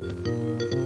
you.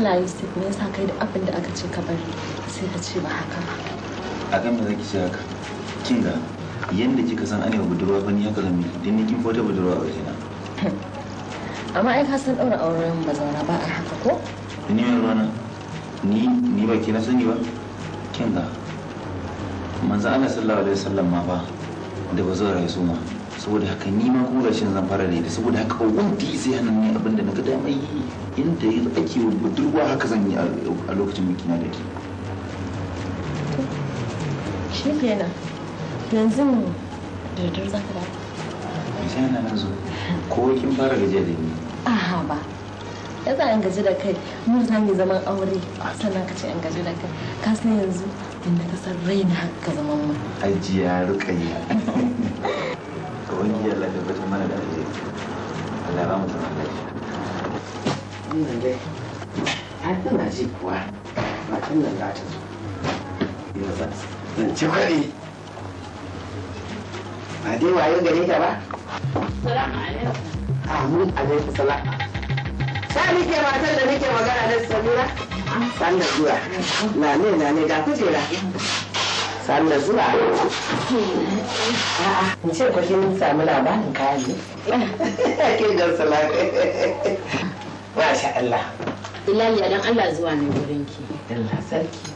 Allah ya sai me yasa kai da abin da aka ce ka bari sai ka ce ba haka ba a kan ba zaki ce haka kin ga yanda kika san anewa budurwa ba ni haka zan din dan ni kin fota budurwa a wajena amma ai ka san daura auren bazaura ba a haka ko ni mai rana ni ni ba kina sani ba kin ga manzo Allah sallallahu alaihi wasallam ma ba da bazaura ya suma saboda haka ni ma kuma rashin zan fara da saboda haka wanda sai hannun ne abinda na ga dama yi yadda ake budurwa haka zan yi a lokacin bikina da ke shi yanzu da daddar za nan zo kin fara gajiya da ni aha ba ya za an gaji da kai mu zan yi zaman aure sannan ka ce an gaji da kai ka san yanzu inda ka san raina haka zaman mu ajiya rukayya ka wani yalla da bata mana da ajiya Allah ba mu zaman lafiya nan dai tana ji kuwa nan za ta zo zan ci ba dai gare ta ba salamu alaikum salam da nake matar da nake magana da samira san da zuwa na ne na ne ga kujera san da zuwa in ce samu labarin ke Wa Masha Allah. Bilaliya dan Allah zuwa ne wurin ki. Allah sarki.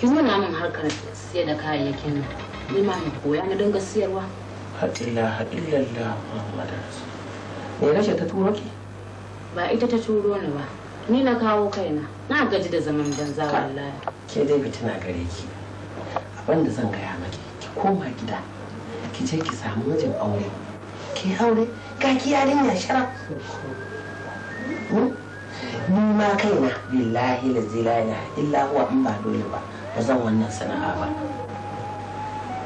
Ki nuna mun harkar siyar da kayayyakin nan. Ni ma na koya na dinga siyarwa. Hadila hadillallah Muhammadu Me rashin ta turo ki? Ba ita ta turo ni ba. Ni na kawo kaina. Na gaji da zaman banza wallahi. Ke dai fitina gare ki. Abin da zan gaya maki ki koma gida. Ki je ki samu mijin aure. Ki aure ga ki yarinya sharaf. ni ma kaina billahi la ilaha illa huwa in ba dole ba ba zan wannan sana'a ba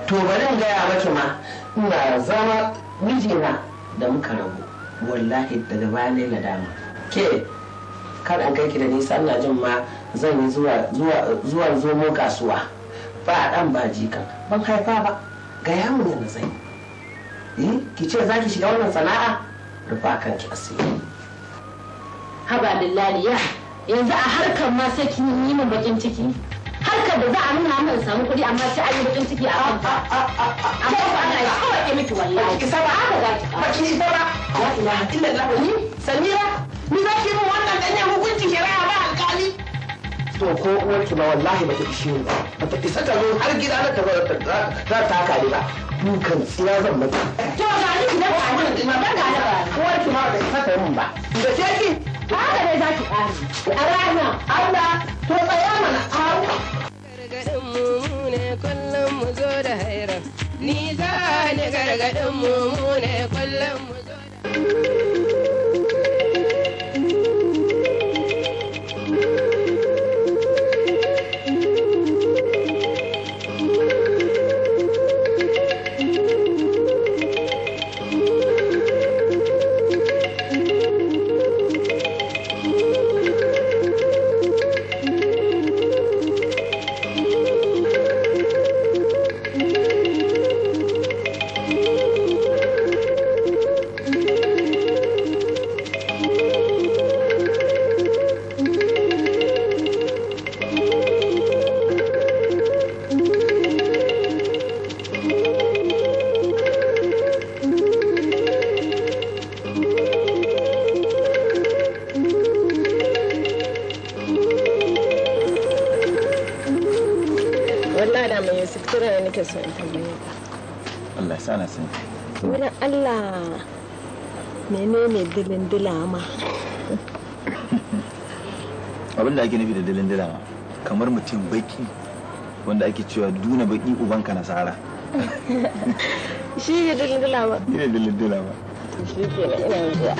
to bari in gaya maki ma ina zama mijina da muka rabu wallahi daga baya ne dama. ke kar an kai ki da nisa ina jin ma zan yi zuwa zuwa zomo kasuwa ba dan ba jikan ban haifa ba ga mu ne na zai eh, ki ce zaki shiga wannan sana'a rufa kanki asiri haba lillaliya yanzu a harkar ma sai kin yi min bakin ciki harkar da za a nuna min samu kuɗi amma sai an yi bakin ciki a kanta amma ba ana yi kawai ke miki wallahi ki saba haka za ki ba ki saba la ilaha illallah ni samira ni za ki min wannan danyen hukuncin shari'a ba alƙali to ko uwarki ma wallahi ba ta ishe ni ba ta isa ta zo har gida na ta za ta haka ne ba dukan tsiya zan mata to ga ni ki da ba ni ba ga ni ba uwarki ma ba ta isa ta yi min ba da ke ki haka dai za ki ƙare a ranar Allah to tsaya mana awa gargaɗin mu ne kullum mu zo da hairan ni za ni gargaɗin mu ne kullum mu zo da hairan dilin dilama abin da ake nufi da dilin dilama kamar mutum baki wanda ake cewa duna baki ubanka nasara shi ne dilin dilama shi ne dilin dilama shi ke ina zuwa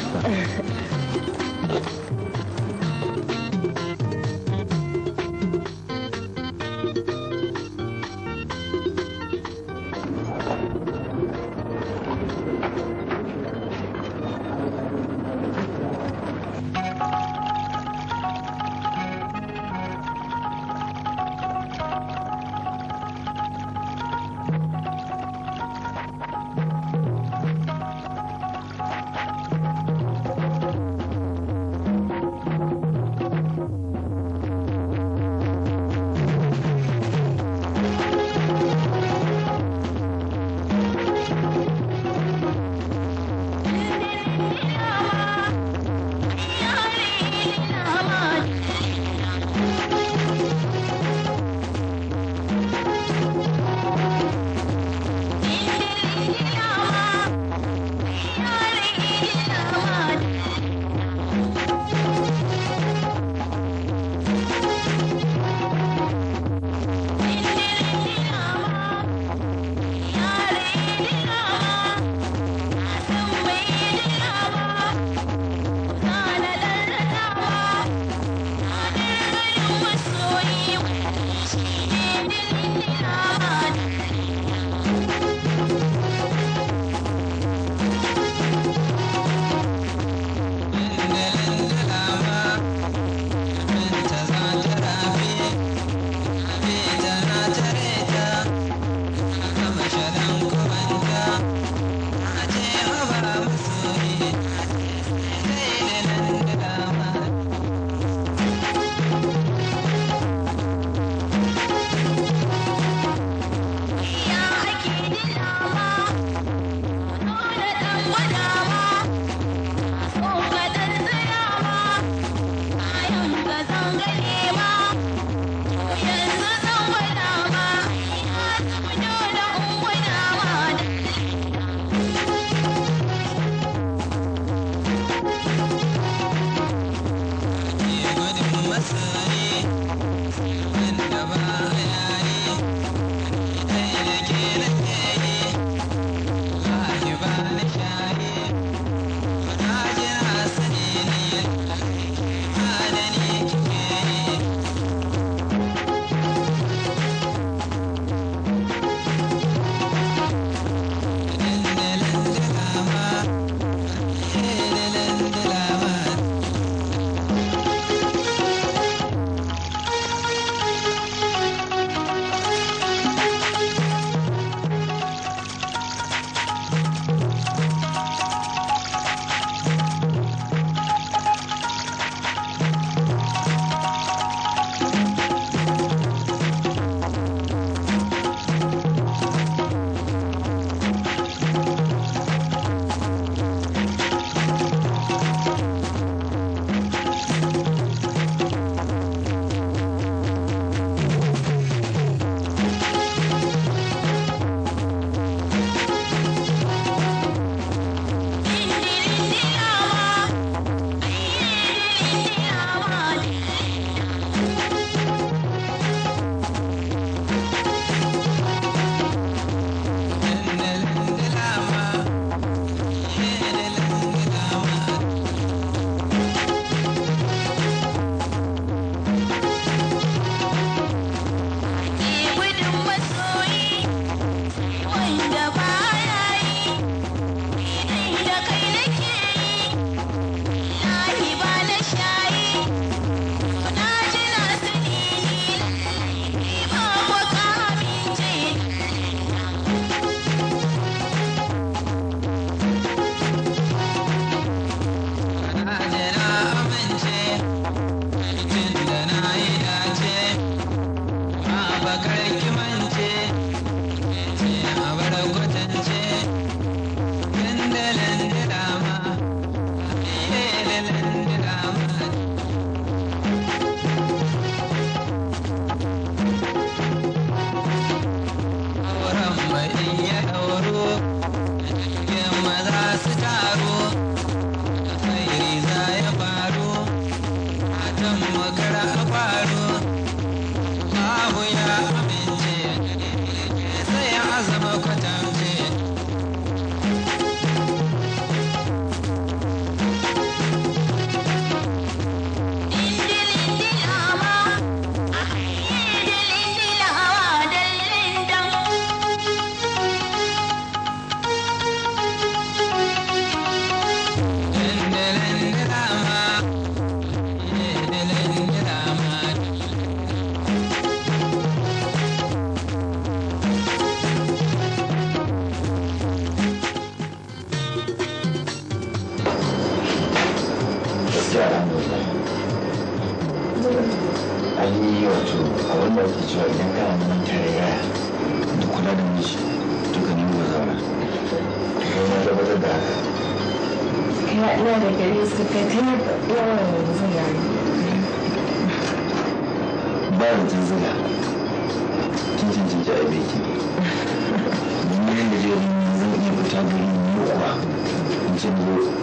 in ce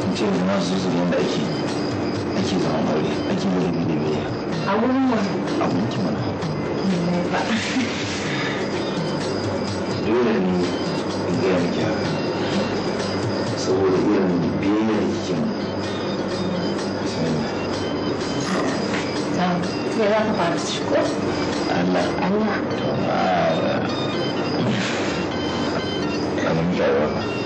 in ce yanzu na su su yadda ake ake aure ake yi da biya a wurin wani a gunki mana dole ne in gaya miki haka saboda irin biyayya da kike mu Ya za ka fara shigo? Allah. Allah. ba.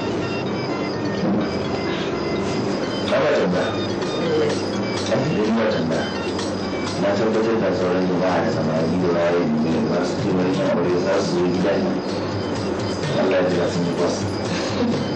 Ana tambaya. Ina tambaya. Na tabbatar da sauran jama'a da samari da yare ne ba su kai wani aure za su zo gida ne. Allah ya jira sun yi wasu.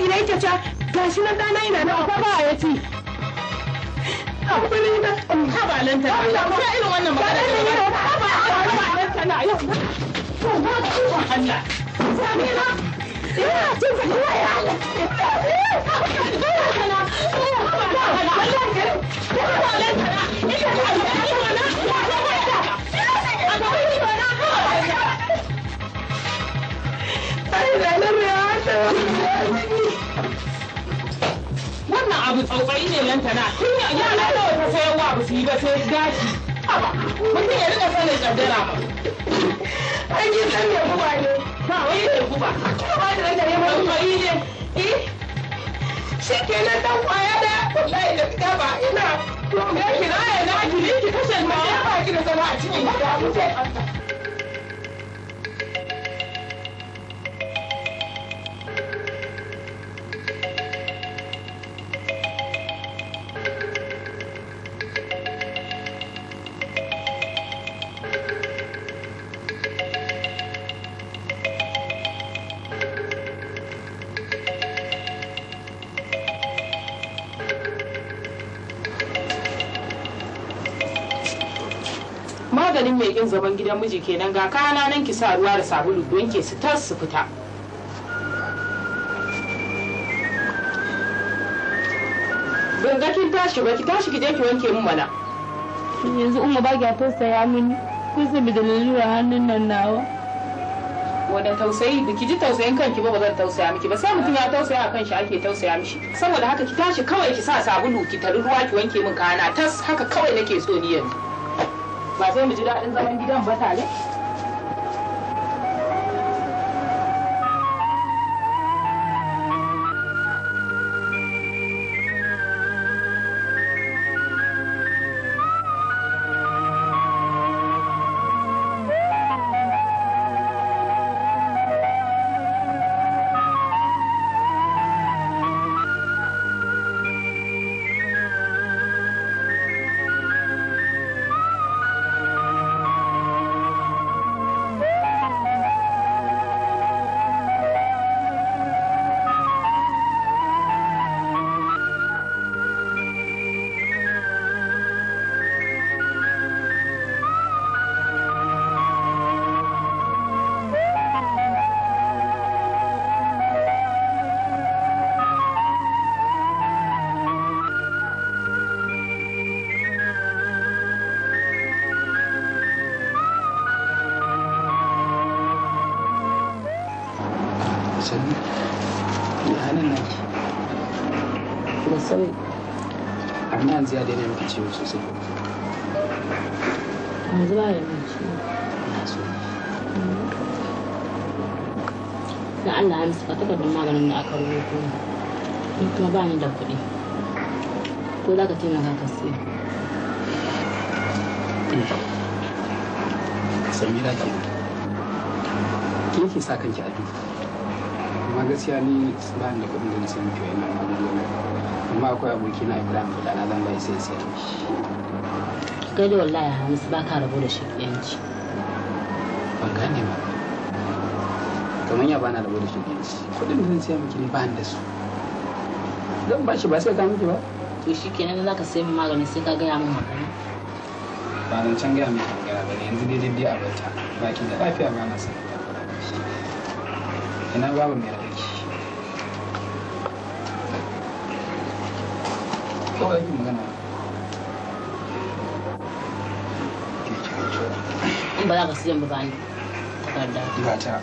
tsina yake cewa gashi na dana yana na akwai ba ya ci akwai na mm, haba nan ta ba ba irin wannan ba da ba haba ba nan ta na yau to ba ku Allah ba ina jin Tsofai ne nan tana. Tun yau yara nawa ta sayan wa ba su yi ba sai gashi. Mutum ya rika sanin kaddara ba. An yi san da guba ne. Ba wai da guba. Ba da da ne ba yi ne. Eh? Shi kenan dan kwaya da wallahi da fita ba ina. To me kira ya na ki ne ki kashe ni ba ki da zama a cikin gida. zaman gidan miji kenan ga kana nan ki sa ruwa da sabulu don ke su tas su fita ban ga kin tashi ba ki tashi ki je ki wanke min mana yanzu umma ba ya tausaya mini kun bi da lalura hannun nan nawa wanda tausayi biki ji tausayin kanki ba ba zan tausaya miki ba sai mutum ya tausaya kan shi ake tausaya mishi saboda haka ki tashi kawai ki sa sabulu ki tari ruwa ki wanke min kana tas haka kawai nake so ni yanzu ba sai mu ji daɗin zaman gidan ba tare sa kanki a amma gaskiya ni ba da kuɗin da na kyau yana na magunguna amma akwai aboki na ibrahim da na zan bai sai sai kai da wallahi hamisu ba ka rabu da shi yanci ban gane ba kamar ya bana rabu da shi yanci kuɗin da nisan siya miki ne ba da su zan ba shi ba sai ka miki ba to shi kenan za ka sai magani sai ka gaya min magana ba zan can gaya miki magana ba ne yanzu dai dai a bata ba ki da lafiya ba na sani sannan babu mai rarraki kawai yake magana ba za ka siyan ba takarda ga ta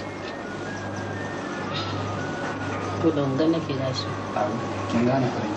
to da wangan nake gashi kin gane farin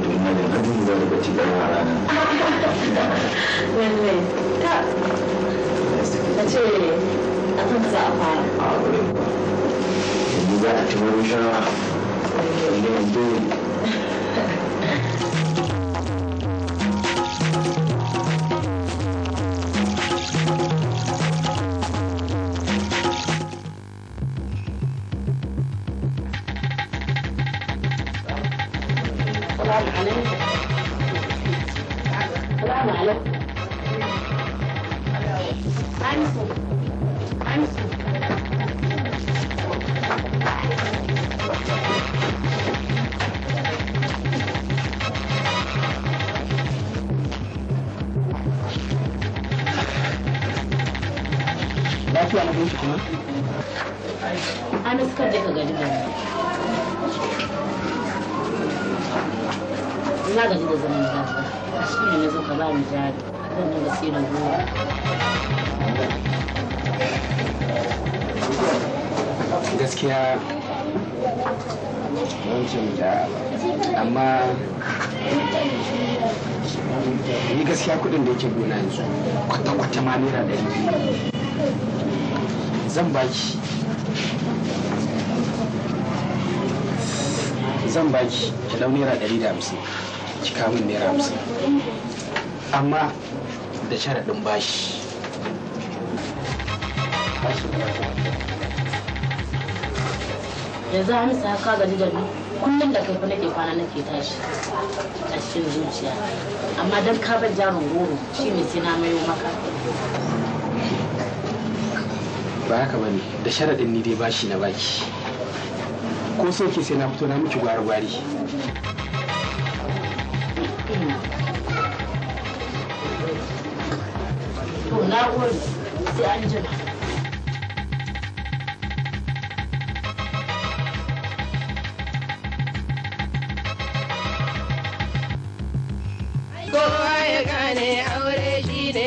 ne na jin zai daga cikin a ranar ta a ce a kan a fara a yanzu za a ci wani shara gaskiya wancan da amma ni gaskiya kudin da yake gona yanzu kwata-kwata ma naira da biyu zan baki zan baki ki dau naira ɗari da hamsin ki kawo min naira hamsin amma da sharaɗin bashi Thank you. yanzu hannun sa ka gani da ni kullum da kai nake kwana nake tashi a cikin zuciya amma dan ka bar jarin goro shi ne sai na mayo maka ba haka bane da sharadin ni dai bashi na baki ko so ke sai na fito na miki gwari-gwari to na gode sai an jima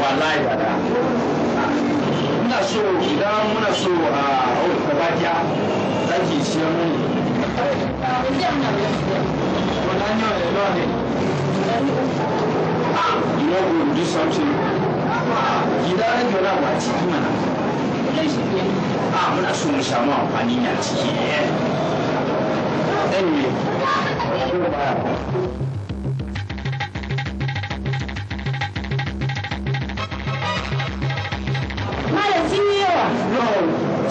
wallahi ba da ina so idan muna so a auka bakiya za ki siya mun wannan yau da nawa ne ah, you know go do something gida na biyu na ba ciki mana a ah, muna so mu samu ciki anyway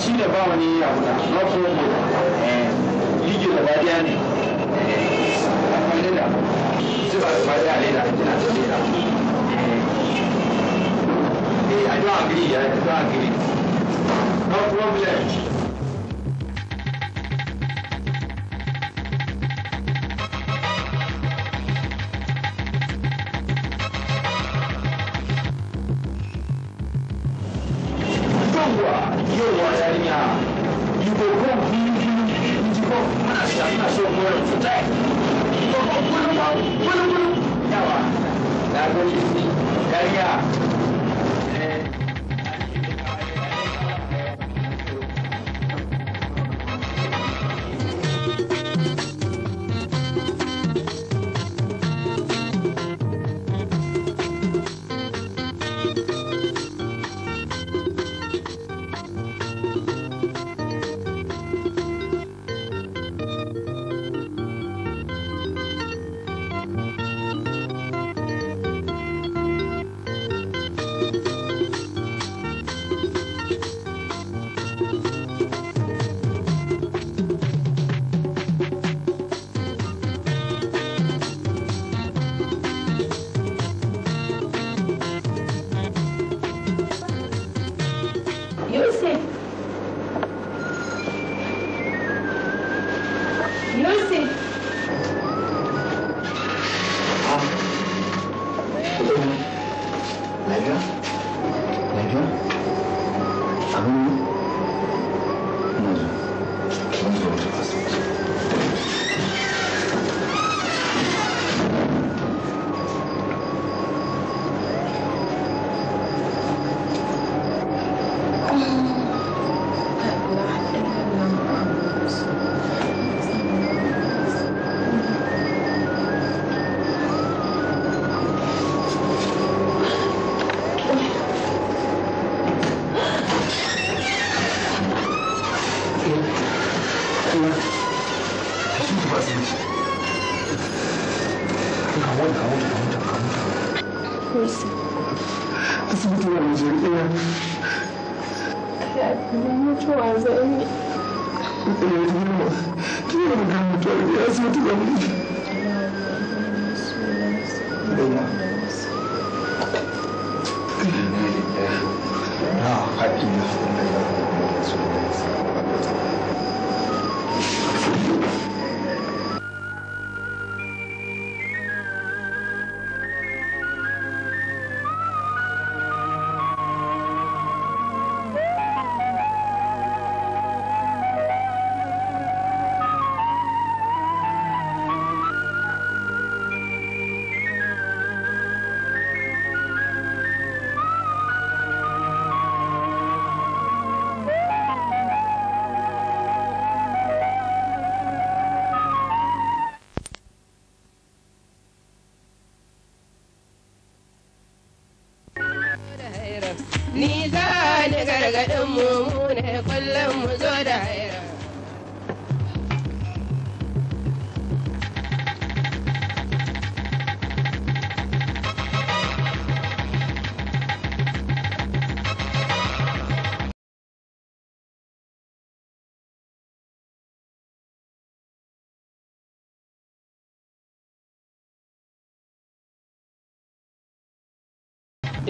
shi da ba wani yawo na mafi yi yi da bariya ne akwai da zuba da bariya ne da ajina da lera eh a yi wa giri ya yi wa giri no problem karya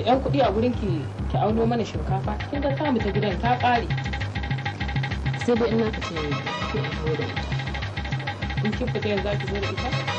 da yan kuɗi a gurin ki ki auno mana shinkafa kin ga tamu ta gidan ta ƙare sai dai ina fita yanzu ki zo da ita in kin fita yanzu za ki zo da ita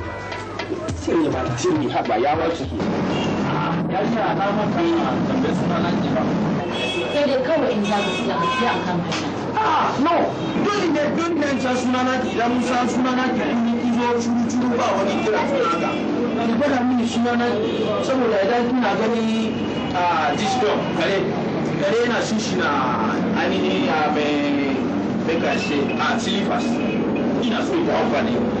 shirye ba ta shirye haɓa ya wace ke ya a kama kan tambayar su na ji ba sai dai kawai in za ka siya ka siya a kan hanya ah, no dole ne dole ne san suna na ki idan mun san suna na ki in yi zo shuru shuru ba wani kira suna ka ki gwada mini suna na saboda idan kina gani a ah, discord kare kare na shishi na ainihin a ah, mai a silifas ina so ita amfani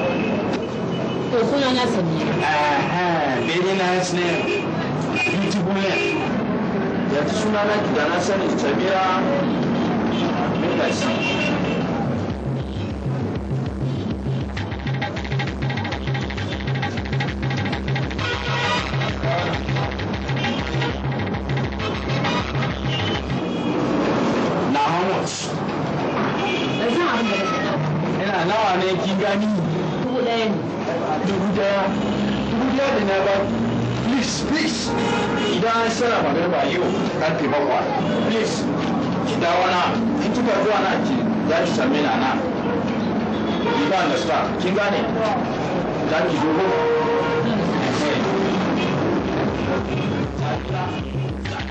To suna na Samira. Aha, very nice name. Beautiful name. Yanzu suna na da sani Ina nawa ne kin gani? Dubu ɗaya ne. dubu daya dubu da na ba please please idan an sana magana ba yau karfe bakwa please ki dawo na in kika zuwa na ki za ki same na na b'a don't understand kin gane za ki zo Thank you.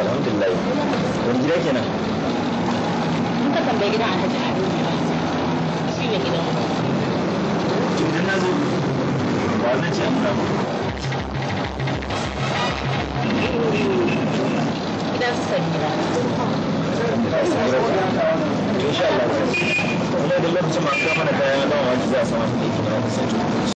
alhamdulillah wani gida kenan mun ka tambaye gidan an tafi haɗu shi ne gidan na zo ba gidan insha Allah da lokacin da kayan za a samu kuɗi kuma kasance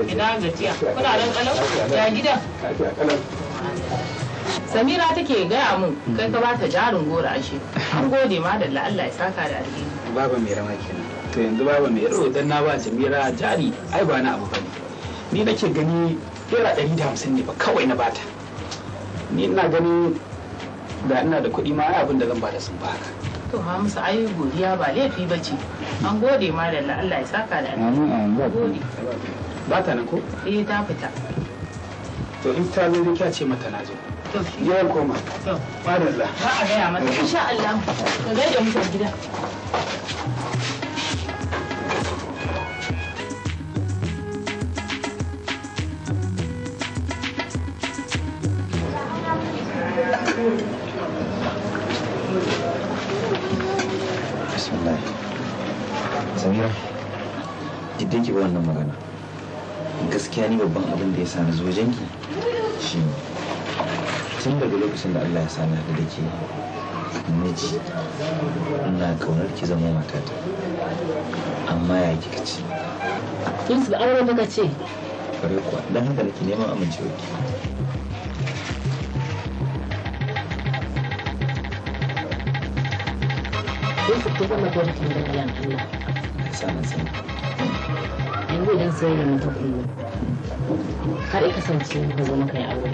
Kuna kalau? Ya Samira take gaya mun kai ka bata jarin gora ashe. An gode ma da Allah ya saka da alheri. Baba mai rama kenan. To yanzu baba mai rawa dan na ba Samira jari ai ba na abu ne Ni nake gani naira ɗari da hamsin ne ba kawai na bata. Ni ina gani da ina da kuɗi ma abin da zan ba da sun ba haka. To ma musu ayi godiya ba laifi ba ce. An gode ma da Allah ya saka da alheri. Amin amin. Gode. ba ta nan ko? eh ta fita to in ta zo kya ce mata na zo yi koma ba da za a gaya mata insha Allah ka gaida mutum gida Samira, jiddinki ba wannan magana. gaskiya ni babban abin da ya sani zuwa janki shi tun daga lokacin da Allah ya sani haɗu da ke miji ina kaunar ki zama matata amma ya kika ce su da auren muka ce kwarai kuwa don haka da ke neman amincewa ki Yusuf ta zama gwarkin da Allah. Sanan sanan. yanzu idan sai da ta kullum har ya kasance ka zo maka ya aure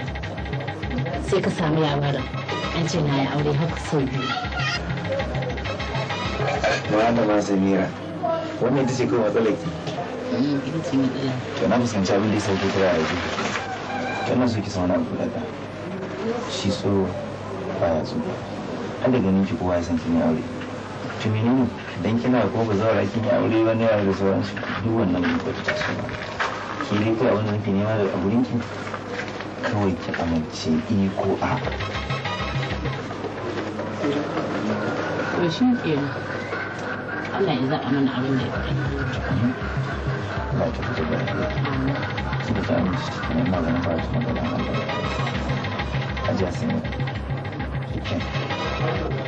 sai ka sami labarin an ce na ya aure haka sau biyu malama samira wannan ita ce kawai matsalar ki ita ce matsalar to na fuskanci abin da ya sauke ta rayuwa kana so ki sauna abu daga shi tsoro ya tsoro an da ganin ki kowa ya san ne aure to menene idan kina ko ba zaura kin yi aure wani yara da sauransu duk wannan ta taso ke dai kai abin nake nema da ki kawai ki amince eh ko a shi ne Allah ya zaɓa mana abin da ya fi a Thank you.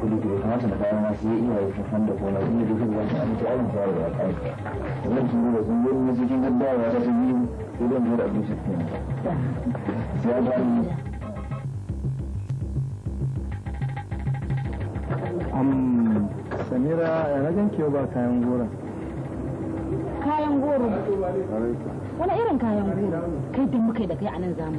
kudu da kamata da bayan ma sai iya yi fifan da kona inda da a fara da kai da sun yi wani cikin ta yi idan da abinci ya am samira ya na gan ba kayan gora kayan goro wani irin kayan goro kai duk muka da kai a nan zamu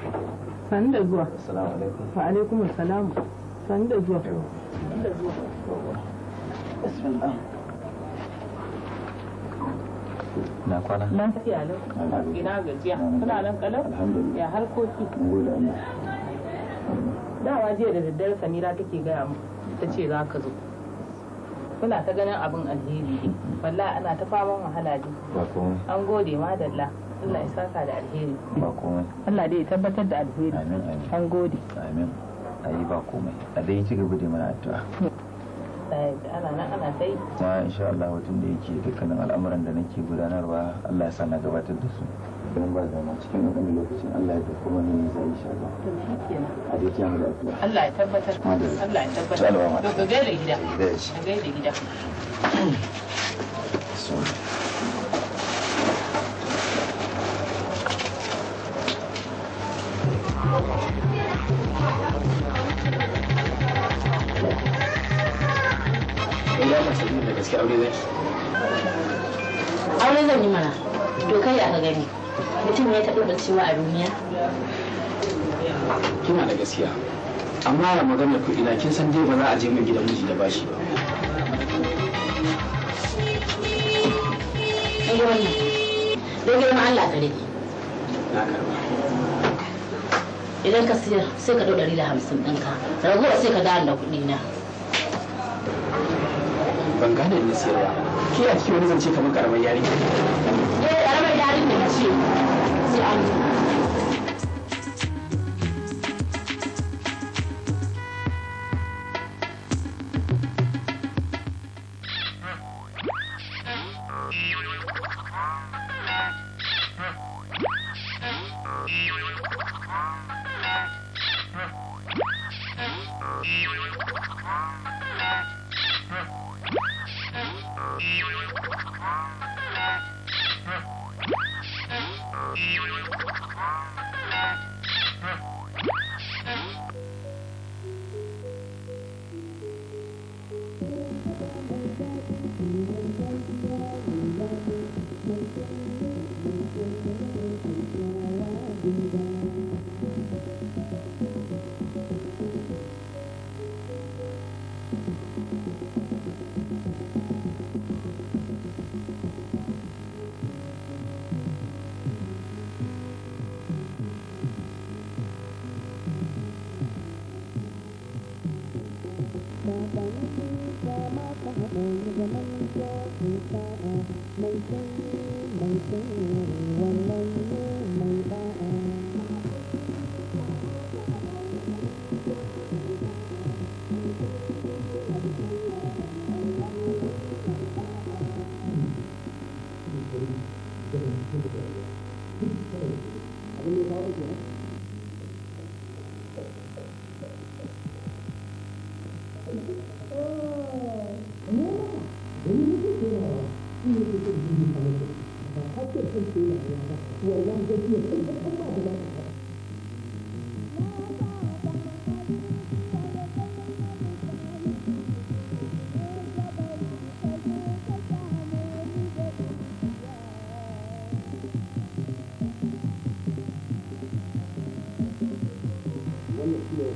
san da zuwa wa alaikum salam sani da zuwa na kwana lafiya lau ina gajiya kuna nan kalau ya harkoki dawa jiya da daddare samira take gaya mu ta ce za ka zo kuna ta ganin abin alheri wallahi ana ta faman wahala ne an gode ma dalla Allah ya saka da alheri ba komai Allah dai ya tabbatar da alheri amin amin an gode amin ayi ba komai a dai ci gaba da mana addu'a ana nan ana sai Ma insha Allah mutum da yake dukkanin al'amuran da nake gudanarwa Allah ya sa na gabatar da su Idan ba zama cikin wani lokacin Allah ya dauko mana ne zai insha Allah a dai kiyamu da addu'a Allah ya tabbatar Allah ya tabbatar ma to ga gaida gida gaida gida Thank you. kina sanin da gaske aure zaki aure zan yi mana to kai aka gani mutum ya taɓa da cewa a duniya kina da gaskiya amma ya magana ku ina kin san dai ba za a je min gidan miji da bashi ba kai wannan dai girma Allah ka rage idan ka siyar sai ka ɗau ɗari da hamsin ɗinka ragowar sai ka dawo da kuɗi na ban gane inda siyarwa ke a cikin wani zance kamar karamar yari ne eh, karamar ne ce sai an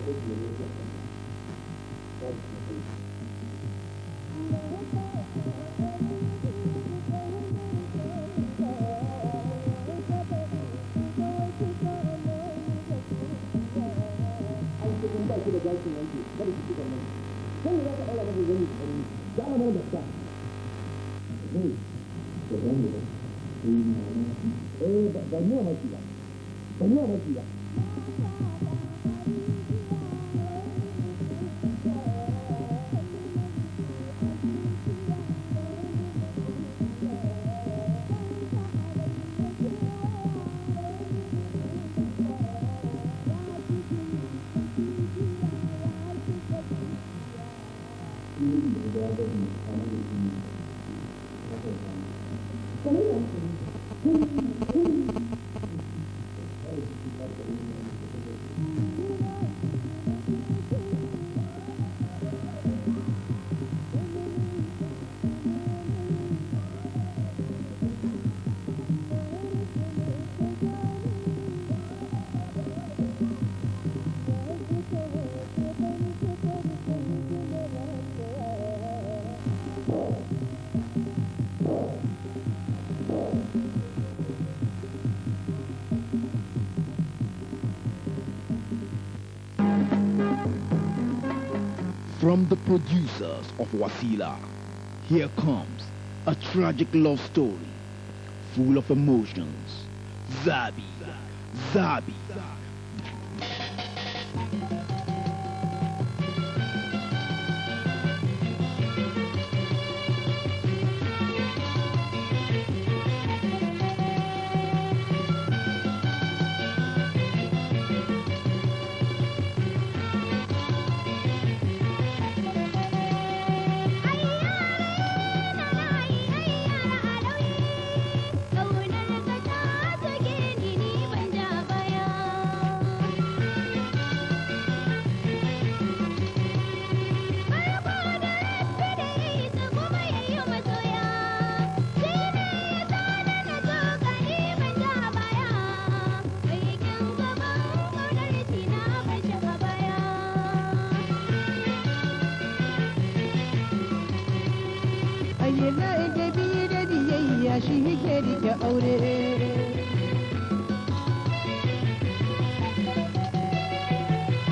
Thank you. From the producers of Wasila, here comes a tragic love story full of emotions. Zabi, Zabi, Allah shi yake rike aure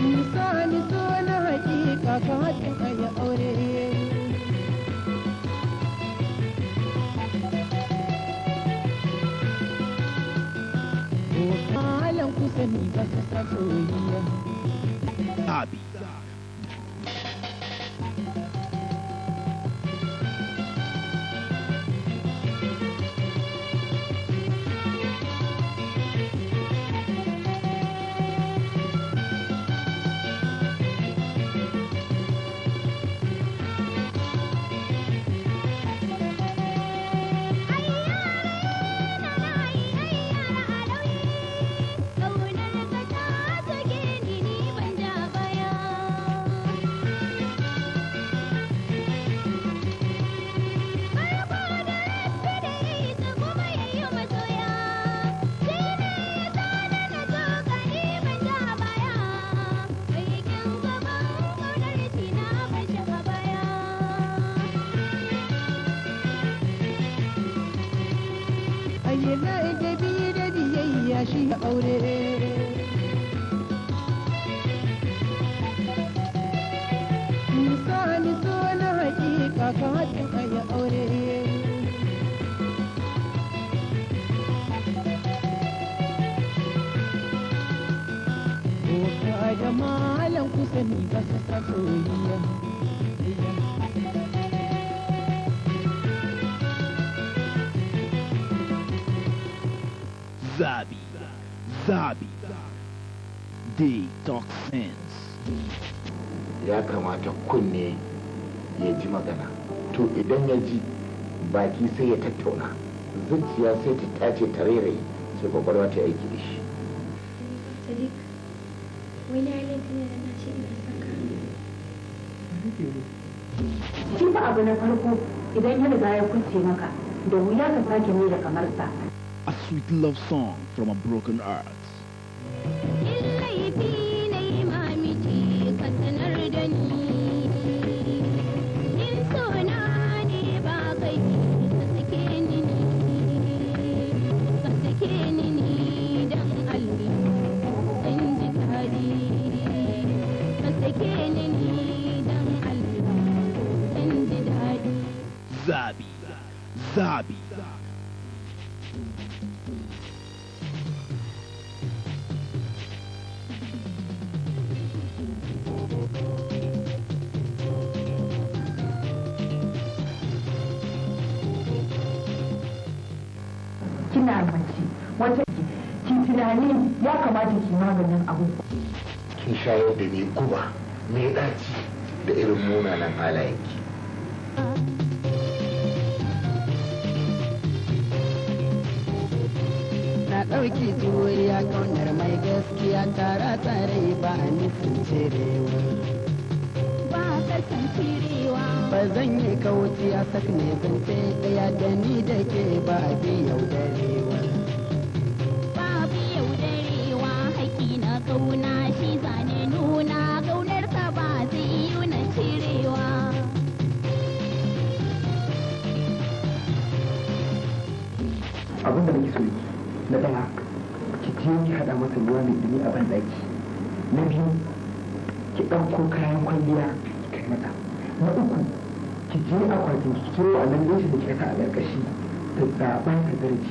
Misali so na hakika ka haɗin ya aure Abi baki sai ya tattauna zuciya sai ta tace ta rere sai kwakwalwa ta aiki da shi shi ba abu na farko idan ya riga ya kunce maka da wuya ka sake mai da kamar sa a sweet love song from a broken heart shawo da mai guba mai ɗaci da irin munanan halayenki na ɗauki juriya kaunar mai gaskiya tara tare ba a nufin cirewa ba kasan cirewa ba zan yi kauci a sak ne zance ɗaya da ni da ke ba a bi yaudarewa ba bi yaudarewa haƙi na kauna ki ɗauko kayan kwalliya ki kai mata na uku ki je akwatin ki ciro a nan shi da ke ka a ƙarƙashi da zaɓen ka darji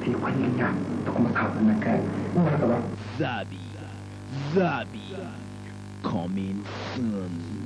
ta yi kwalliya da kuma kafin nan kayan in ba ka ba zabi zabi coming soon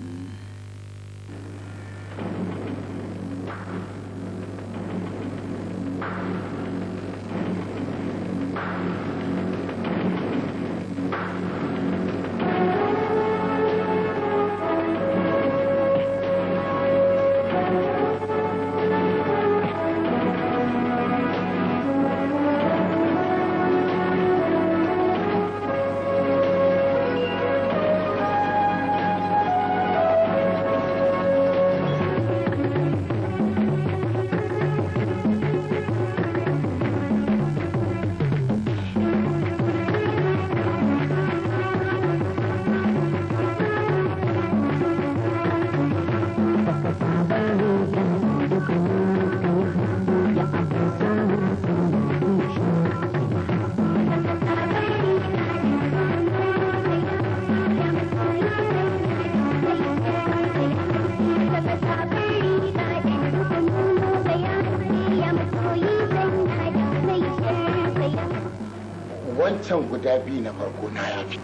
wancan guda biyu na farko na yafi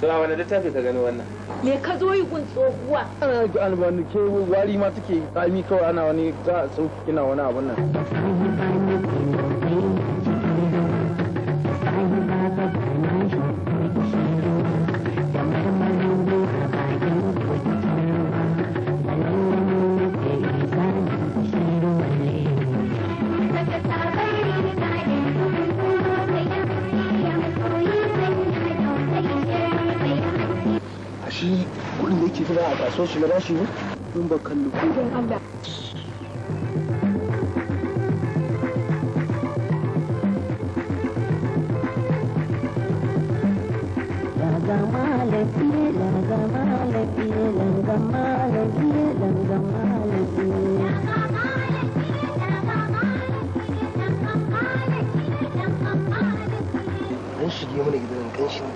to a wani littafi ka gani wannan me ka zo yi gun tsohuwa ana ga albanu ke wari ma take tsami kawai ana wani za a sauki kina wani abun nan 认识你们那个人，更新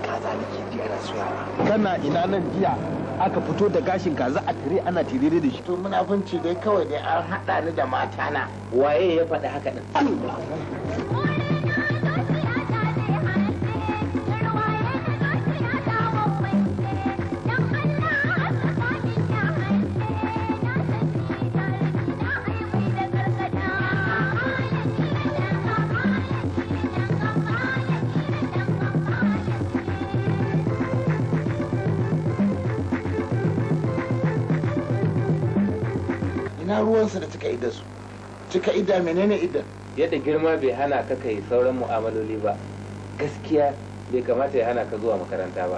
看啥？你你给他说一下嘛。看哪，你哪能记啊？aka fito da gashin kaza a tare ana tirire da shi to munafunci dai kawai ne an haɗa ni da matana waye ya faɗi haka din idda su cika idda menene idda yadda girma bai hana ka kai sauran mu'amaloli ba gaskiya bai kamata ya hana ka zuwa makaranta ba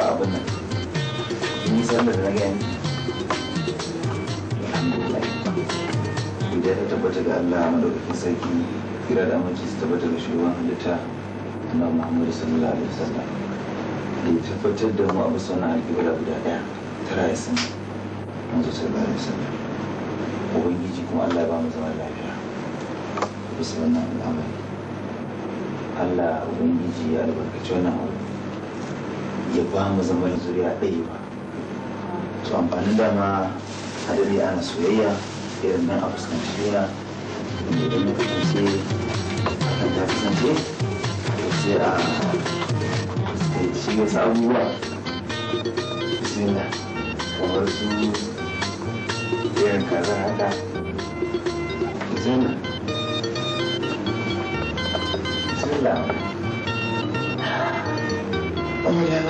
ba abin nan ni san da na gani alhamdulillah idan ta tabbata ga Allah madaukakin sarki kira da amince su tabbata ga shugaban halitta na Muhammadu sallallahu alaihi wasallam da ya tabbatar da mu a bisa alƙibla guda ɗaya tara ya san manzo sallallahu alaihi wasallam ubangiji kuma Allah ba mu zama lafiya bisa wannan al'amari Allah ubangiji ya albarkaci wannan abu ya ba mu zaman zuriya ɗaya ba to amfanin dama hadari ya kasance akan ta kasance sai a shi wasu Oh,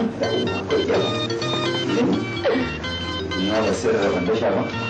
Ni ma ba sai da rabon dasha ba.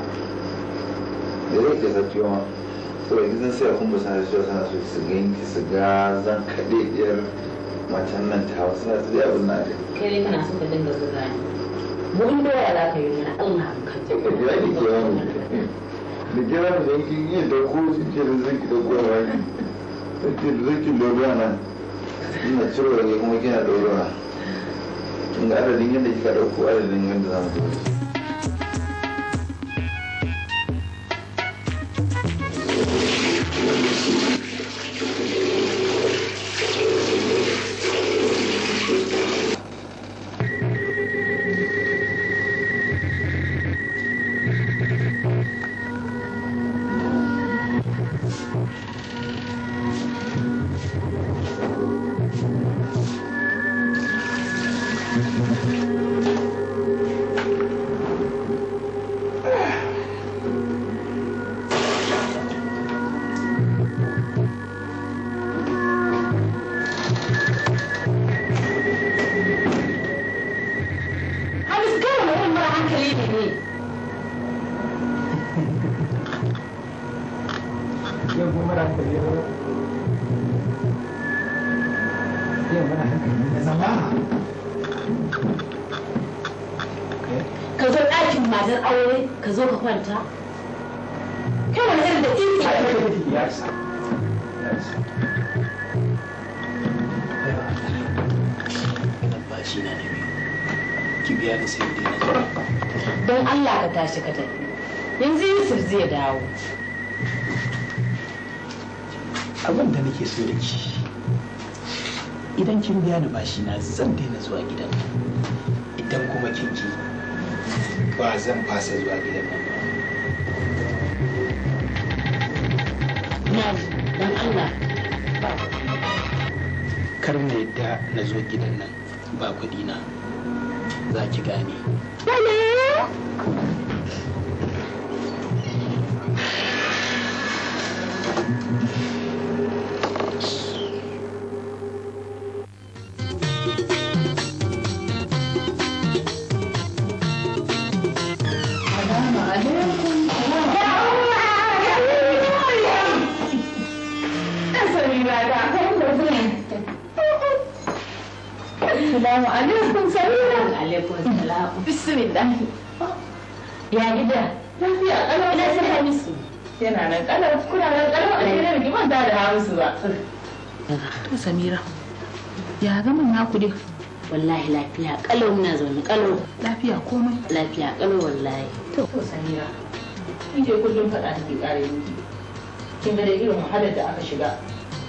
delle ragioni saboda gizin sai kuma suna da cewa suna so su ganki su ga zan kaɗe ɗiyar macen nan ta wasu na tsiri abin na da kai ne kana son ka dinga zuga ne mu da ya za ka yi mana Allah ka ce ka jira ki ke da jira mu dan yi da ko su ce da zan ki da ko wani ta ce da zan ki dogara nan ina ciro daga kuma kina dogara kin ga adadin yadda kika dauko adadin yadda za mu dauko so idan kin biya ni bashi na zan daina zuwa gidan idan kuma kin ki ba zan fasa zuwa gidan nan ba kar na yadda na zo gidan nan ba kuɗi na za ki gane Assalamu alaikum Samira. Alaikum salam. Bismillah. Ya gida. Lafiya kalau ina san Hamisu. Yana nan kalau kuna nan kalau a gidan ki rigiman da da Hamisu ba. To ah, Samira. Ya gaman naku dai. Wallahi lafiya kalau muna zaune kalau. Lafiya komai. Lafiya kalau wallahi. To Samira. Kike kullum fada take kare miki. Kin ga da irin wahalar da aka shiga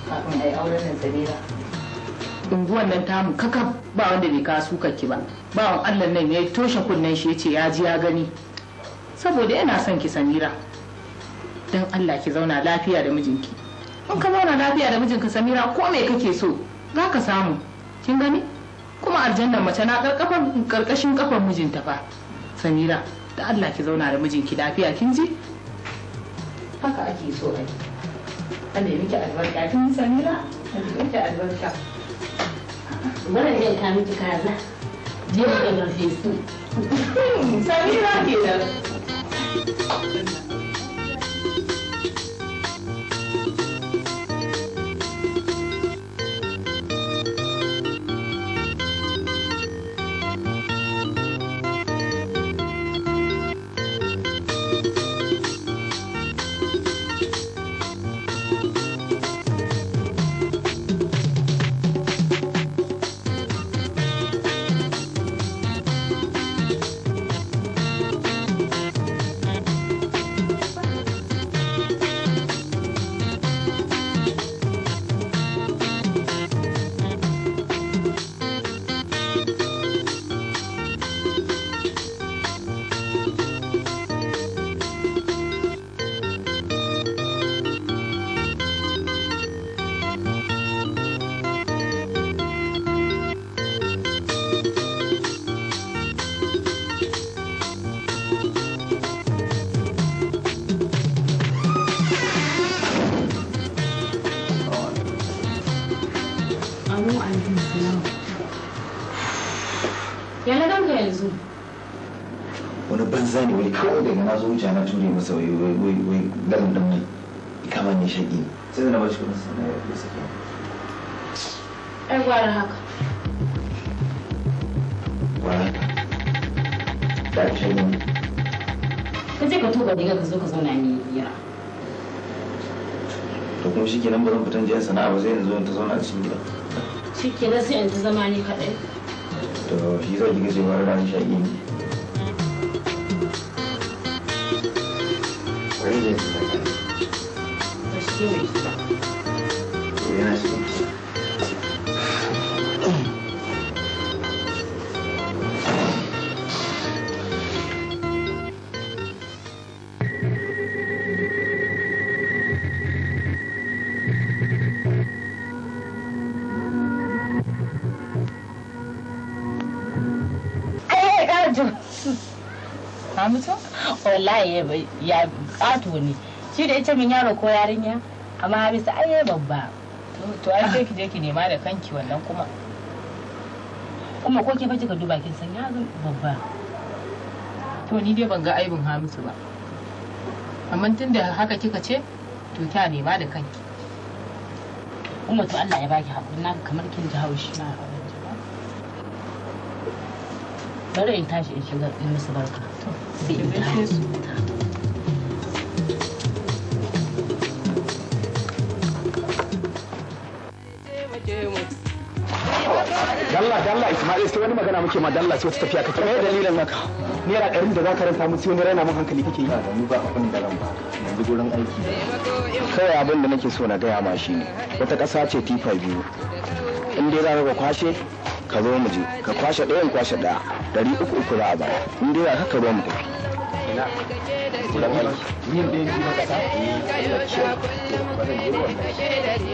kafin ai auren nan Samira. unguwan nan tamu kakab ba wanda bai ka suka ki ba wan Allah nan ya toshe kunnen shi yace ya ji ya gani saboda yana son ki Samira dan Allah ki zauna lafiya da mijinki in ka zauna lafiya da mijinka Samira ko me kake so za ka samu kin gani kuma aljanna mace na karkafan karkashin kafan mijinta fa Samira da Allah ki zauna da mijinki lafiya kin ji haka ake so ai Allah ya miki albarka kin Samira Allah yi miki albarka Bari ne ka miki kaza. Je ka rafe su. Sabira kenan. Amin wa alaikum Ya na ganka yanzu? Wani banza ne wani kawai daga na zo na ture masa wai wai wai wai galan dan mai kama ne shaƙi. Sai na bashi kuɗin sana ya fi sake. Ai gwara haka. Gwara haka. Da ka shaƙi ne. Ka je ka tuba daga ka zo ka zauna ni biyar. to kuma shi kenan ba zan fitan jiyan sana'a ba sai yanzu ta zauna a cikin gida shi ke nan sai zama ni kaɗai to shi zai ran shaƙi wani ne ba shi yana shi wallahi ya kato ne shi da ita min yaro ko yarinya amma habisa ai ya babba to ai sai ki je ki nema da kanki wannan kuma kuma ko ke fa kika duba kin san ya babba to ni dai ban ga aibin hamisu ba amma tunda haka kika ce to kya nema da kanki kuma to Allah ya baki hakuri na kamar kin ji haushi na bari in tashi in shiga in musu barka sai in tashi dalla Ismail sai wani magana muke ma dalla sai wata tafiya kake kai dalilan naka naira ɗarin da zaka ranta mun sai wani raina mun hankali kake yi ni ba abin da ran ba yanzu gurin aiki kawai abin da nake so na gaya ma shi ne wata ƙasa ce tifa biyu in dai za ka kwashe ka zo mu je ka kwashe ɗayan kwashe ɗaya ɗari uku uku za a ba in dai za ka ka zo mu tafi ina wurin aiki yin da yanki na kasa ni da ce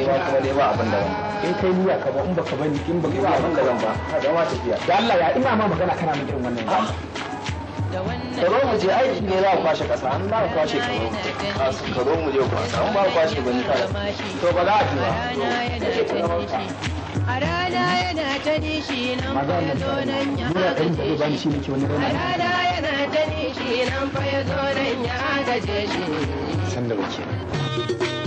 ba zan je wannan kowa kuma dai ba abin da in kai niyya ka ba in baka bani in baka yi abin da ba ka zama tafiya da Allah ya ina ma magana kana min irin wannan tsaro mu je aiki ne za a kwashe ƙasa, an ba a kwashe tsaro tsaro mu je kwasa an ba a kwashe gani kare to ba za a ji ba a rana yana ta nishi nan fa ya zo nan ya gaje shi a rana yana ta nishi nan fa ya zo nan ya gaje shi da baki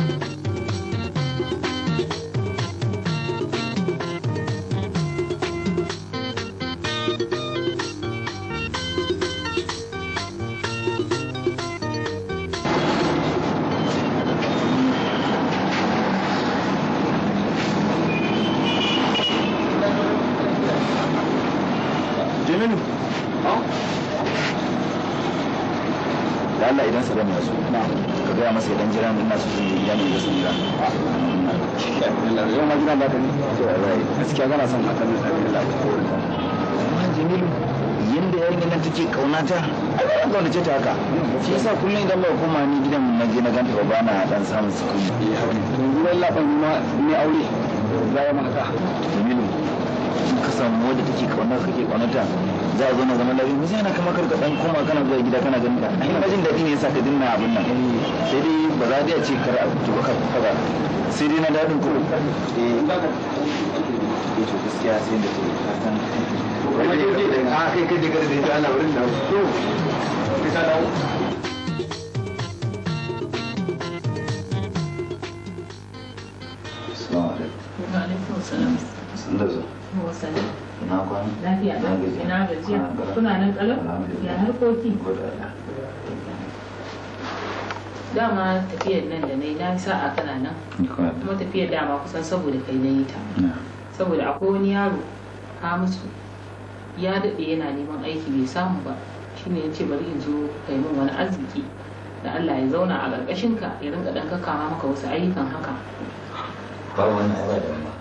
gane da sun da yau ma gina ba ta ne gaskiya gana son hakan da tsarin labarin amma jamilu yadda yarinya nan take a ga kauna ce ta haka shi yasa kullum idan ba koma ni gidan na je bana dan samun sukun yanzu wai lafan ne aure za ya maka jamilu ka samu wadda take kaunata za a zo na zaman lafiya mutum yana kamar karka dan koma kana zuwa gida kana ganin ka ina na daɗi ne yasa ka dinna abin nan sai dai ba za a ce kar a tuba ka ba sai dai na daɗin kuɗi eh, eh gaskiya sai da ke a ah, kai kai da garda ana wurin da to ka na kwana lafiya na gajiya na gajiya kuna nan kalau ya harkoki dama tafiyar nan da na yi na sa'a kana nan kuma tafiyar dama kusan saboda kai na yi ta saboda akwai wani yaro ha musu ya daɗe yana neman aiki bai samu ba shine ya ce bari in zo kai min wani arziki da Allah ya zauna a ƙarƙashin ka ya rinka ɗan kakkawa maka wasu ayyukan haka ba wani ai ba da ma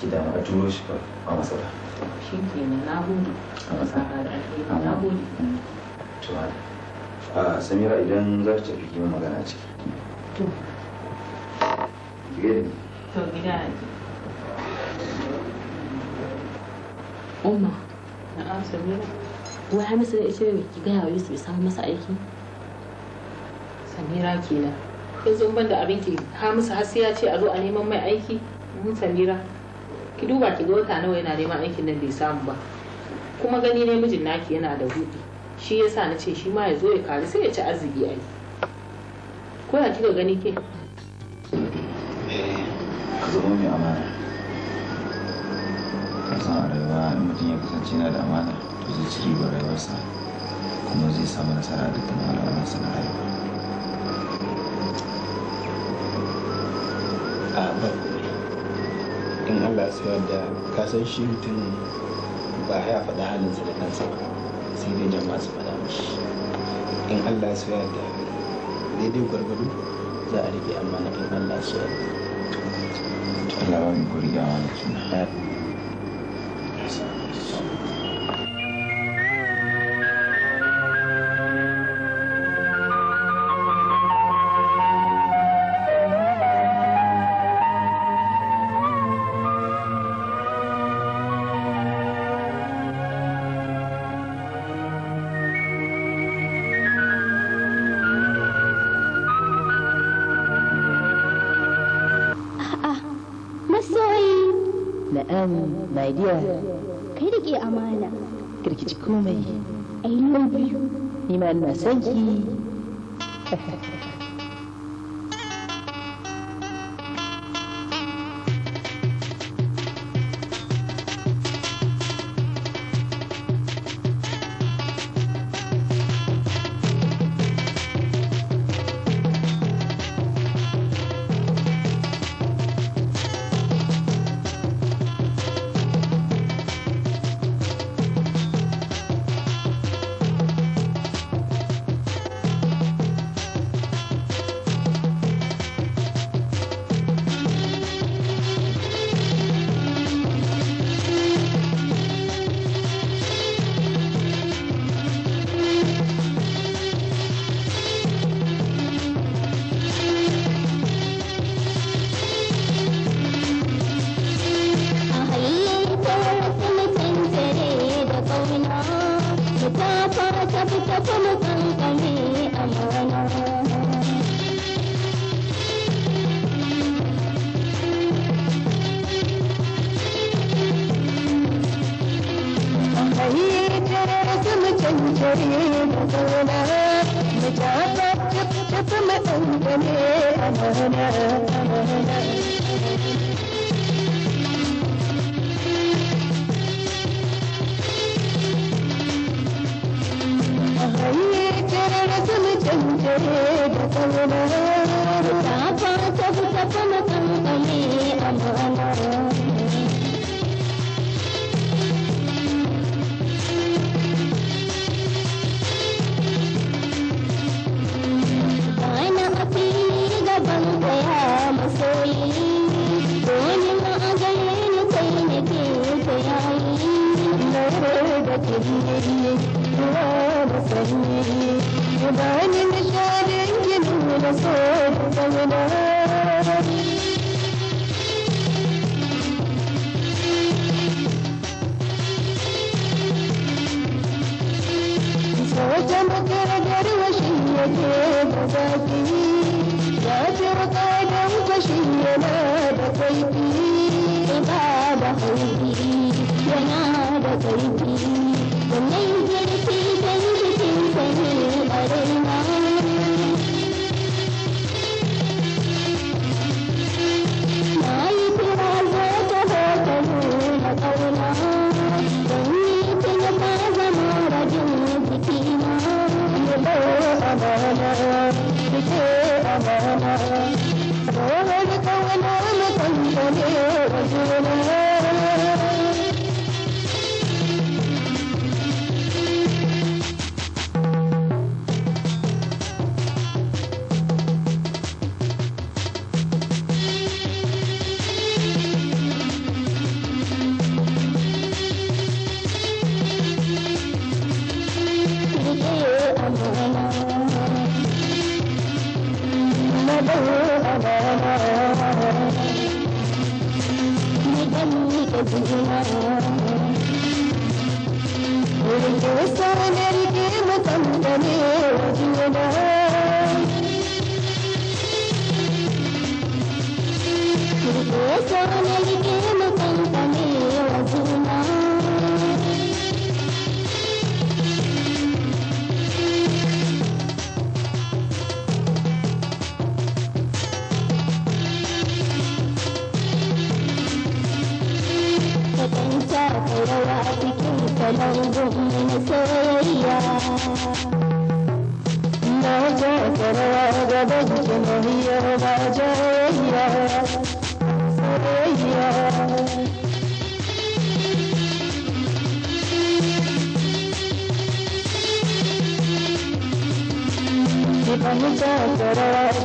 ki da a turo shi ba a masara shi kenan na gode na gode a samira idan za ta tafi kima magana ciki to gida umma na'am samira wai hamisu da ita ne ki gaya wa yusuf ya samu masa aiki samira kenan yanzu ban da abinki hamisu har sai ya ce a zo a neman mai aiki mun samira ki duba ki ga wata nawa yana neman aikin nan bai samu ba kuma gani ne mijin naki yana da hudu shi yasa na ce shi ma ya zo ya kare sai ya ci arziki ai ko ya kika gani ke eh, ka zama mai amana kasan a rayuwa in mutum ya kasance yana da amana to zai ci ribar rayuwarsa kuma zai samu nasara a dukkan al'amuransa na rayuwa ah, in allah su yadda kasan shi mutum ba ya faɗa halinsa da kansa sai dai jama'a su faɗa mashi in allah su yadda daidai gwargwado za a rike amana in allah su yadda Allah ya yi guri da wani godiya kai da ke amana kirkici komai i biyu ni ma ina son ki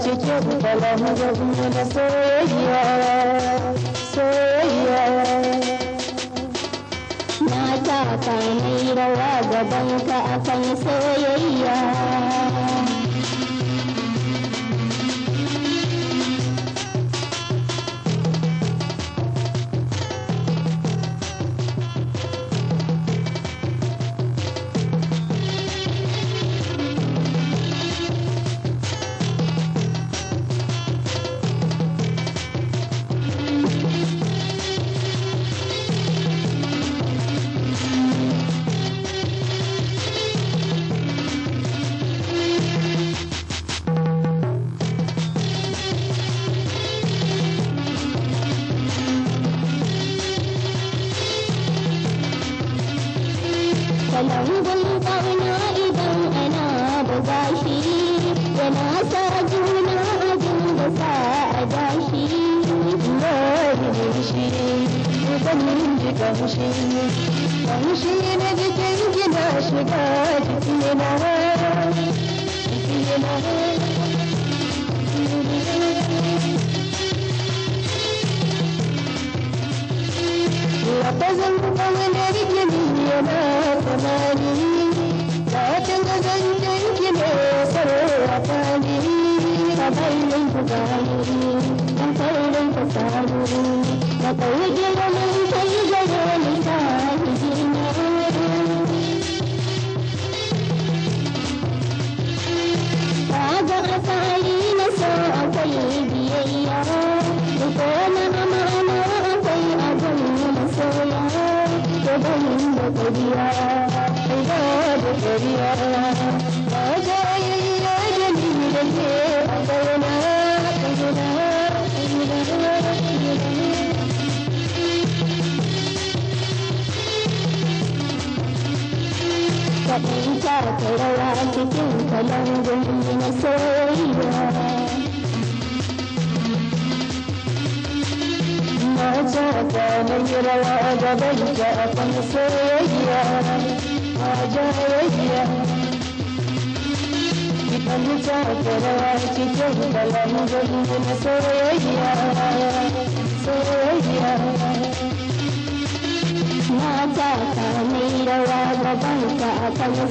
cikin kalamu na soyayya soyayya na ta rawa gaban ka akan soyayya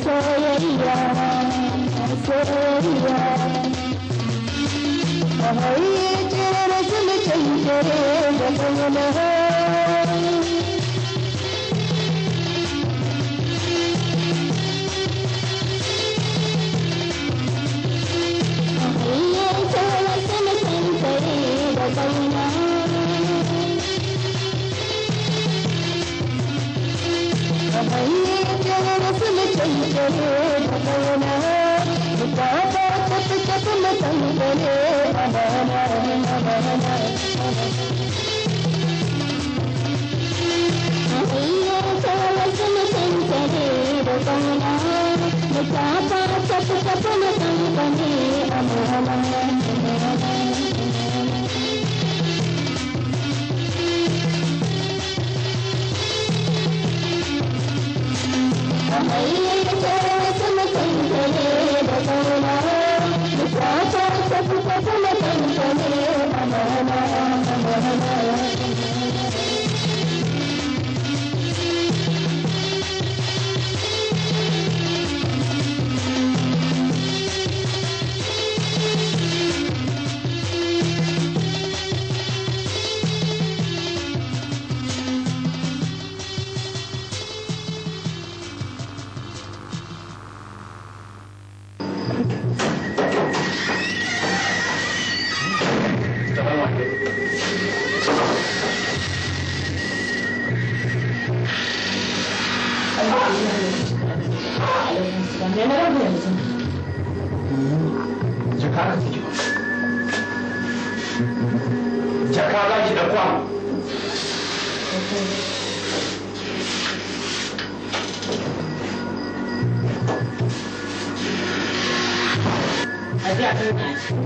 सोयरिया सोयरिया हरिए चरस में चंदे తందరే భగవనా దాదా చెప్పు చెప్పుల తందరే నమనారి నమనా చాలసిన తందరే భగవనా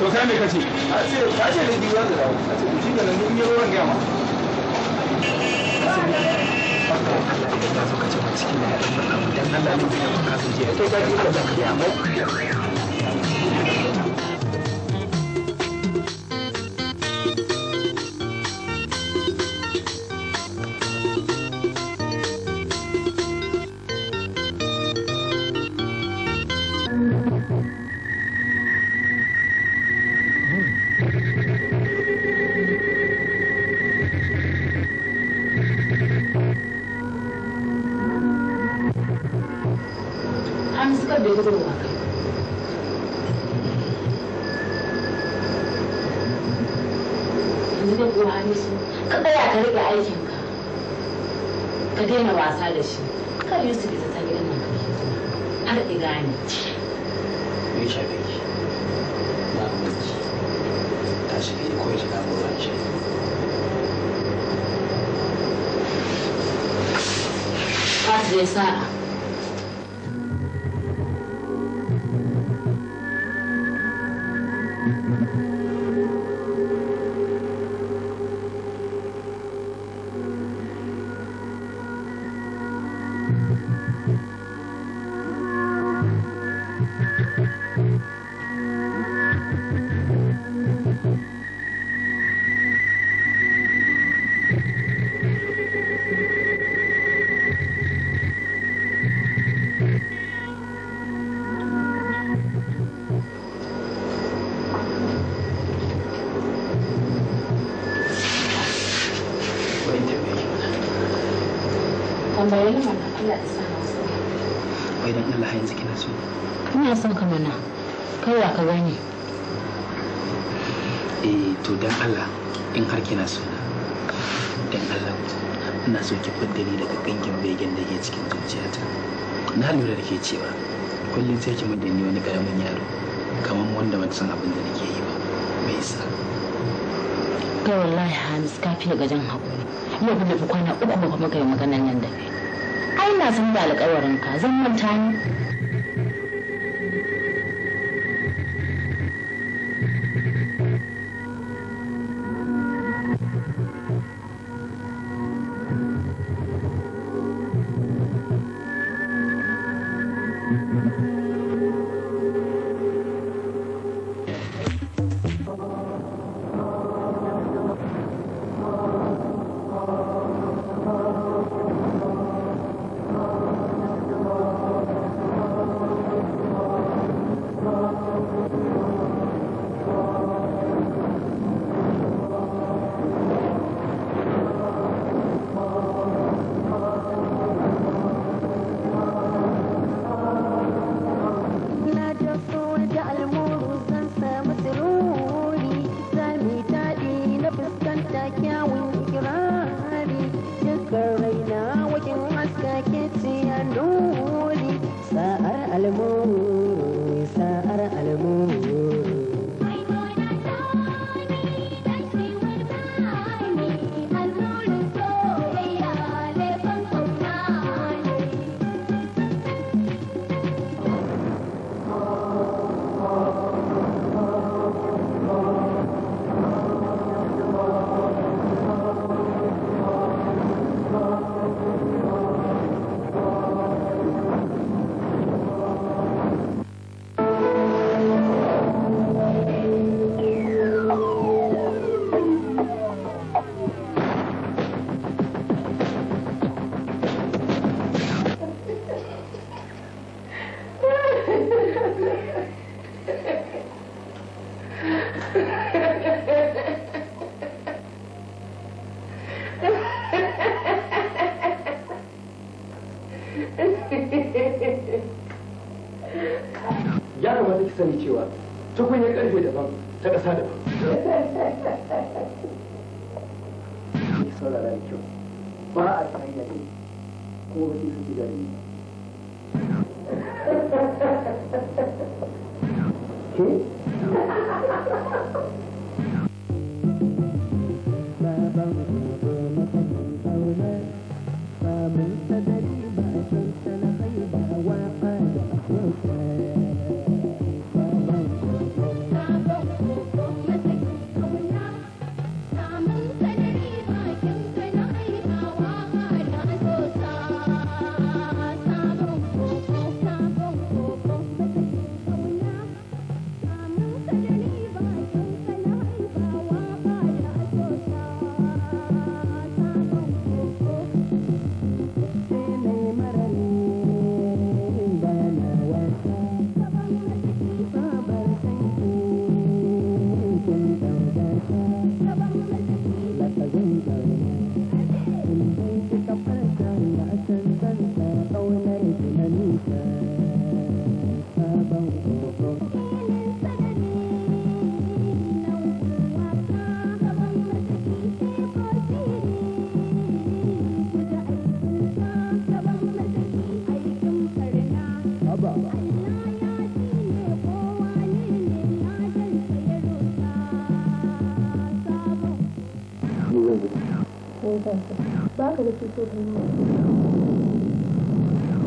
to kai me kace ka ce da giwa da dawo ka ce to shi da nan in yi ruwan gama Allah ya ka zo ce ba cikin da dan Allah ne ya ka kasance ka ji ka ina so ki fadda ni daga gangin begen da ke cikin zuciyata na lura da ke cewa kullum sai ki mun ni wani karamin yaro kamar wanda ban san abin da nake yi ba me yasa kai wallahi Hamis ka fi gajan hakuri yau kuma fi kwana uku ba kuma kai maganan nan da ai na san da alƙawarin ka zan manta ni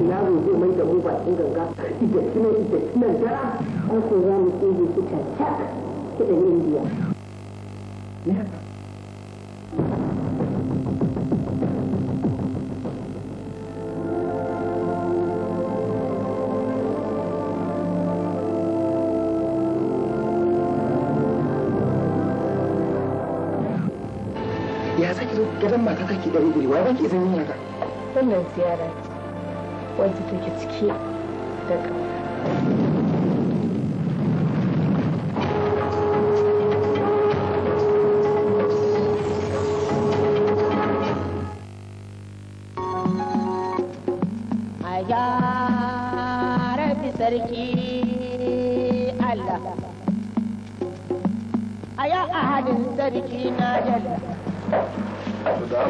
yaro zai mai da mu bakin ganga ijekina ijekina jara an ko za mu tsige su cancan kiɗan indiya da iri wa kake sanyi haka wannan ziyara ce wadda take cike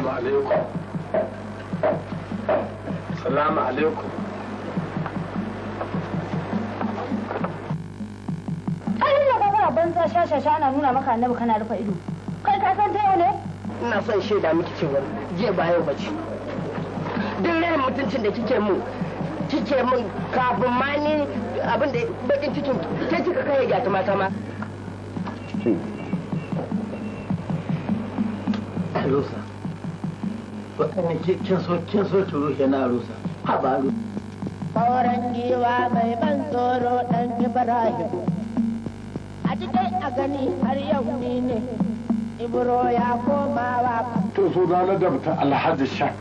salamu alaikum salamu alaikum banza shashasha ana nuna maka annabi kana rufe ido kai ka san tayo ne ina son shaida miki cewa jiya ba yau bace duk ran mutuncin da kike mu kike mun kafin ma ni abin da bakin cikin kai kika kai ga ta mata ma kin so kin so turo ke na rusa ha ba ru auren giwa mai ban tsoro dan ibrahim a cikin a gani har yau ni ne ibro ya koma wa to so na dabta alhaji sha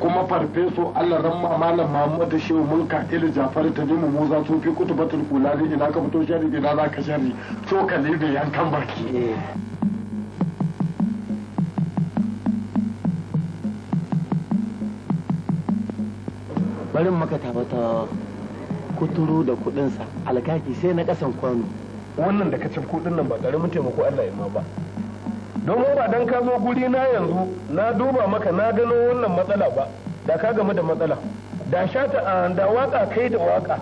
kuma farfeso Allah ramma malam Muhammad Shehu Mulka Ilu Jafar ta bi mu za su fi kutubatul kulani ina ka fito shari ina za ka shari to ka ne yankan baki barin makata ta kuturu da kudinsa alkaki sai na kasan kwano wannan da kacin kudin nan ba karamin taimako Allah ya ba domin ba dan ka zo guri na yanzu na duba maka na gano wannan matsala ba da ka gamu da matsala da shata ah, da waka kai da waka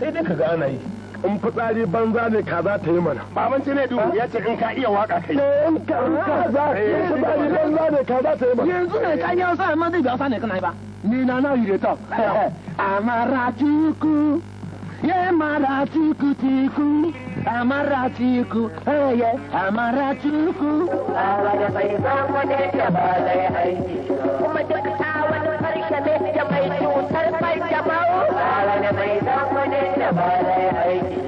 sai dai kaga ana yi in fitsari banza ne kaza ta yi mana ne duk ya ce in ka iya waka kai eh, in ka in kaza in fitsari banza ne kaza ta yi mana yanzu ne ka yi wasa amma zai bi wasa ne kana ba ni na na yi ta amara tiku ye mara tiku tiku amara tiku ye amara tiku a eh, da sai samu ne ya ba lai aiki kuma duk wani mai dan wani da zai aiki.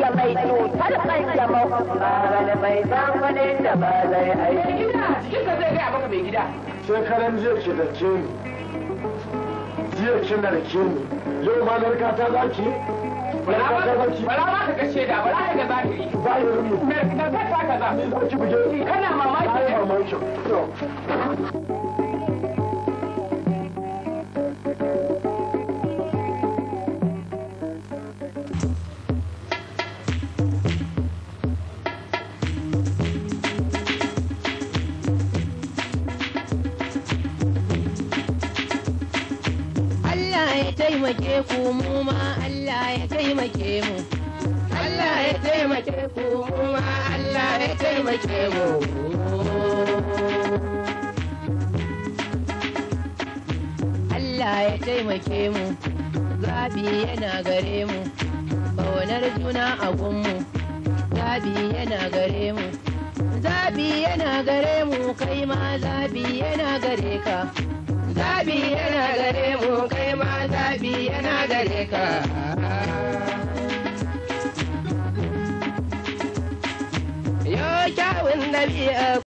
ya mai cutar mai da ba aiki. zai gaya maka mai gida. Shekaran da ce ni. Yau ma narka ta zaki. Bara ba ka kashe da bara da yi. Zahirin mu. Me ka ta kaza. Ni zaki buge. Kana mamaki. Kana mamaki. Allah ya taimake ku mu ma Allah ya taimake mu. Allah ya taimake ku mu ma Allah ya taimake mu. Allah ya taimake mu zabi yana gare mu ƙaunar juna a gunmu zabi yana gare mu zabi yana gare mu kai ma zabi yana gare ka zabi yana gare mu kai ma zabi yana gare ka yo kyawun dabi'a